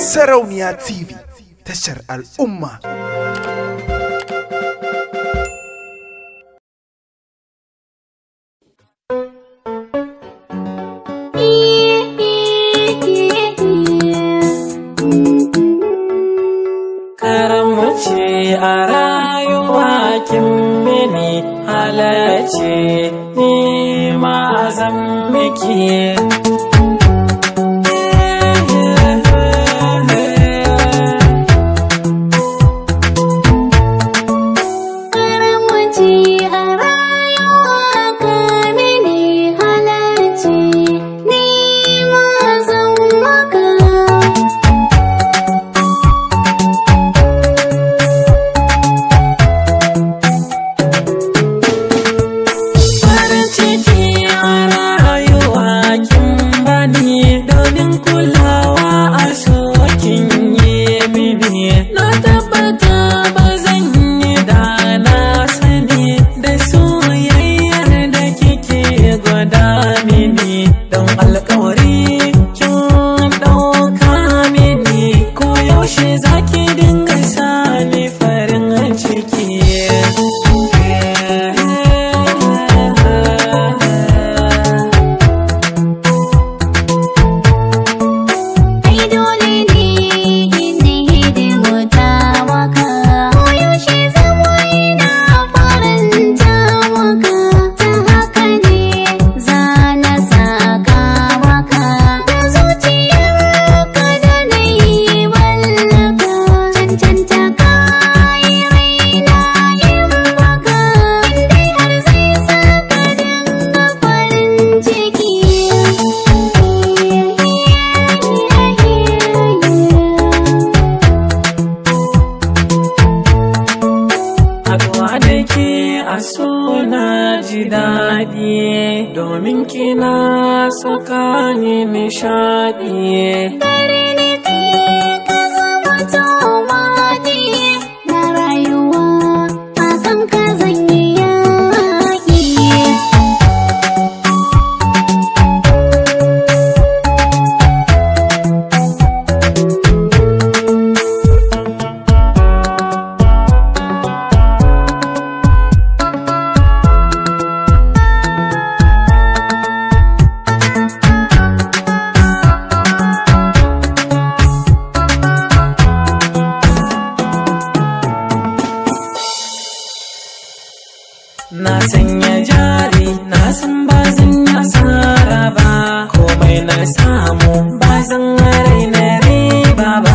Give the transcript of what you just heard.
Sarauniya TV tashar al'umma. Karambace a rayuwa kin mini halarci ni ma zan miki. amini dan alkawari ji daɗi domin kina sakani nishaɗi. Dare na sanya jari na san ba zan yi asara ba komai na samu ba zan na riba ba